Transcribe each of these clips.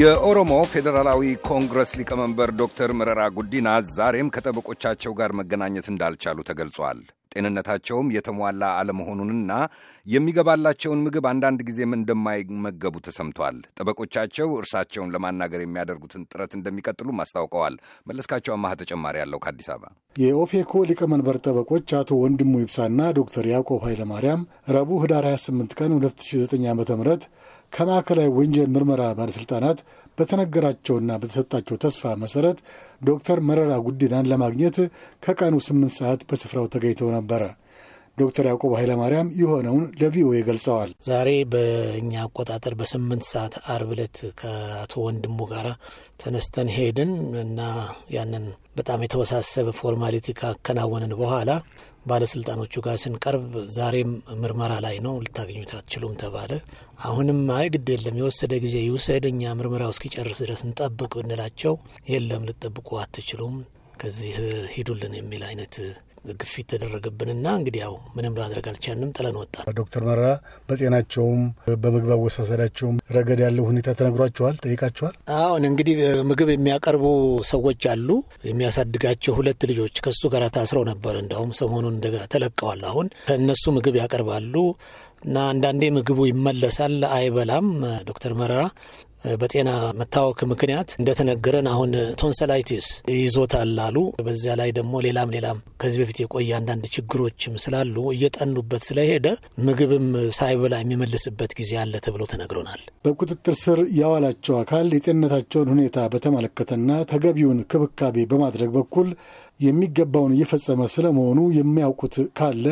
የኦሮሞ ፌዴራላዊ ኮንግረስ ሊቀመንበር ዶክተር መረራ ጉዲና ዛሬም ከጠበቆቻቸው ጋር መገናኘት እንዳልቻሉ ተገልጿል። ጤንነታቸውም የተሟላ አለመሆኑንና የሚገባላቸውን ምግብ አንዳንድ ጊዜም እንደማይመገቡ ተሰምቷል። ጠበቆቻቸው እርሳቸውን ለማናገር የሚያደርጉትን ጥረት እንደሚቀጥሉም አስታውቀዋል። መለስካቸው አማሃ ተጨማሪ አለው ከአዲስ አበባ የኦፌኮ ሊቀመንበር ጠበቆች አቶ ወንድሙ ይብሳና ዶክተር ያዕቆብ ኃይለማርያም ረቡዕ ህዳር 28 ቀን 2009 ዓ ም ከማዕከላዊ ወንጀል ምርመራ ባለሥልጣናት በተነገራቸውና በተሰጣቸው ተስፋ መሠረት ዶክተር መረራ ጉዲናን ለማግኘት ከቀኑ 8 ሰዓት በስፍራው ተገኝተው ነበረ። ዶክተር ያዕቆብ ኃይለማርያም የሆነውን ለቪኦኤ ገልጸዋል። ዛሬ በእኛ አቆጣጠር በስምንት ሰዓት አርብ ዕለት ከአቶ ወንድሙ ጋር ተነስተን ሄድን እና ያንን በጣም የተወሳሰበ ፎርማሊቲ ካከናወንን በኋላ ባለስልጣኖቹ ጋር ስንቀርብ ዛሬም ምርመራ ላይ ነው፣ ልታገኙት አትችሉም ተባለ። አሁንም አይ ግድ የለም የወሰደ ጊዜ ይውሰድ፣ እኛ ምርመራው እስኪጨርስ ድረስ እንጠብቅ ብንላቸው የለም ልጠብቁ አትችሉም፣ ከዚህ ሂዱልን የሚል አይነት ግፊት ተደረገብንና እንግዲህ ያው ምንም ላድረግ አልቻልንም፣ ጥለን ወጣን። ዶክተር መራ በጤናቸውም በምግብ አወሳሰዳቸውም ረገድ ያለው ሁኔታ ተነግሯቸዋል፣ ጠይቃቸዋል። አሁን እንግዲህ ምግብ የሚያቀርቡ ሰዎች አሉ። የሚያሳድጋቸው ሁለት ልጆች ከሱ ጋር ታስረው ነበር። እንዳውም ሰሞኑን እንደገና ተለቀዋል። አሁን ከእነሱ ምግብ ያቀርባሉ እና አንዳንዴ ምግቡ ይመለሳል፣ አይበላም ዶክተር መረራ በጤና መታወክ ምክንያት እንደተነገረን አሁን ቶንሰላይቲስ ይዞታል አሉ። በዚያ ላይ ደግሞ ሌላም ሌላም ከዚህ በፊት የቆየ አንዳንድ ችግሮችም ስላሉ እየጠኑበት ስለሄደ ምግብም ሳይበላ የሚመልስበት ጊዜ አለ ተብሎ ተነግሮናል። በቁጥጥር ስር ያዋላቸው አካል የጤንነታቸውን ሁኔታ በተመለከተና ተገቢውን ክብካቤ በማድረግ በኩል የሚገባውን እየፈጸመ ስለመሆኑ የሚያውቁት ካለ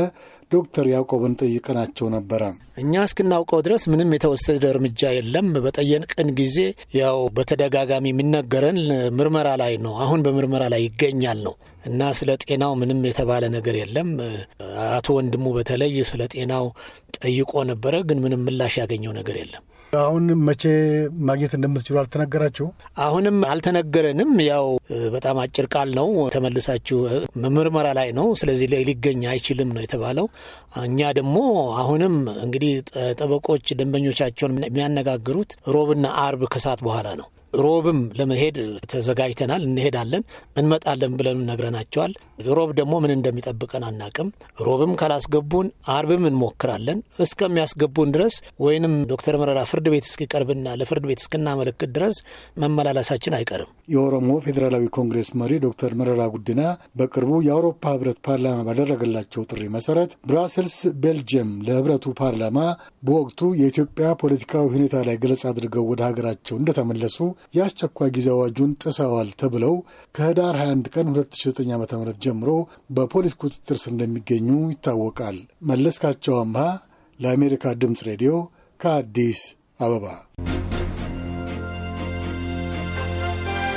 ዶክተር ያዕቆብን ጠይቀናቸው ነበረ። እኛ እስክናውቀው ድረስ ምንም የተወሰደ እርምጃ የለም። በጠየቅን ጊዜ ያው በተደጋጋሚ የሚነገረን ምርመራ ላይ ነው፣ አሁን በምርመራ ላይ ይገኛል ነው እና ስለ ጤናው ምንም የተባለ ነገር የለም። አቶ ወንድሙ በተለይ ስለ ጤናው ጠይቆ ነበረ፣ ግን ምንም ምላሽ ያገኘው ነገር የለም። አሁን መቼ ማግኘት እንደምትችሉ አልተነገራችሁ? አሁንም አልተነገረንም። ያው በጣም አጭር ቃል ነው፣ ተመልሳችሁ ምርመራ ላይ ነው፣ ስለዚህ ሊገኝ አይችልም ነው የተባለው። እኛ ደግሞ አሁንም እንግዲህ ጠበቆች ደንበኞቻቸውን የሚያነጋግሩት ሮብና አርብ ከሰዓት በኋላ ነው። ሮብም ለመሄድ ተዘጋጅተናል፣ እንሄዳለን፣ እንመጣለን ብለን ነግረናቸዋል። ሮብ ደግሞ ምን እንደሚጠብቀን አናቅም። ሮብም ካላስገቡን አርብም እንሞክራለን። እስከሚያስገቡን ድረስ ወይንም ዶክተር መረራ ፍርድ ቤት እስኪቀርብና ለፍርድ ቤት እስክናመለክት ድረስ መመላለሳችን አይቀርም። የኦሮሞ ፌዴራላዊ ኮንግሬስ መሪ ዶክተር መረራ ጉዲና በቅርቡ የአውሮፓ ህብረት ፓርላማ ባደረገላቸው ጥሪ መሰረት ብራሰልስ፣ ቤልጅየም ለህብረቱ ፓርላማ በወቅቱ የኢትዮጵያ ፖለቲካዊ ሁኔታ ላይ ገለጻ አድርገው ወደ ሀገራቸው እንደተመለሱ የአስቸኳይ ጊዜ አዋጁን ጥሰዋል ተብለው ከህዳር 21 ቀን 2009 ዓ ም ጀምሮ በፖሊስ ቁጥጥር ስር እንደሚገኙ ይታወቃል። መለስካቸው አምሃ ለአሜሪካ ድምፅ ሬዲዮ ከአዲስ አበባ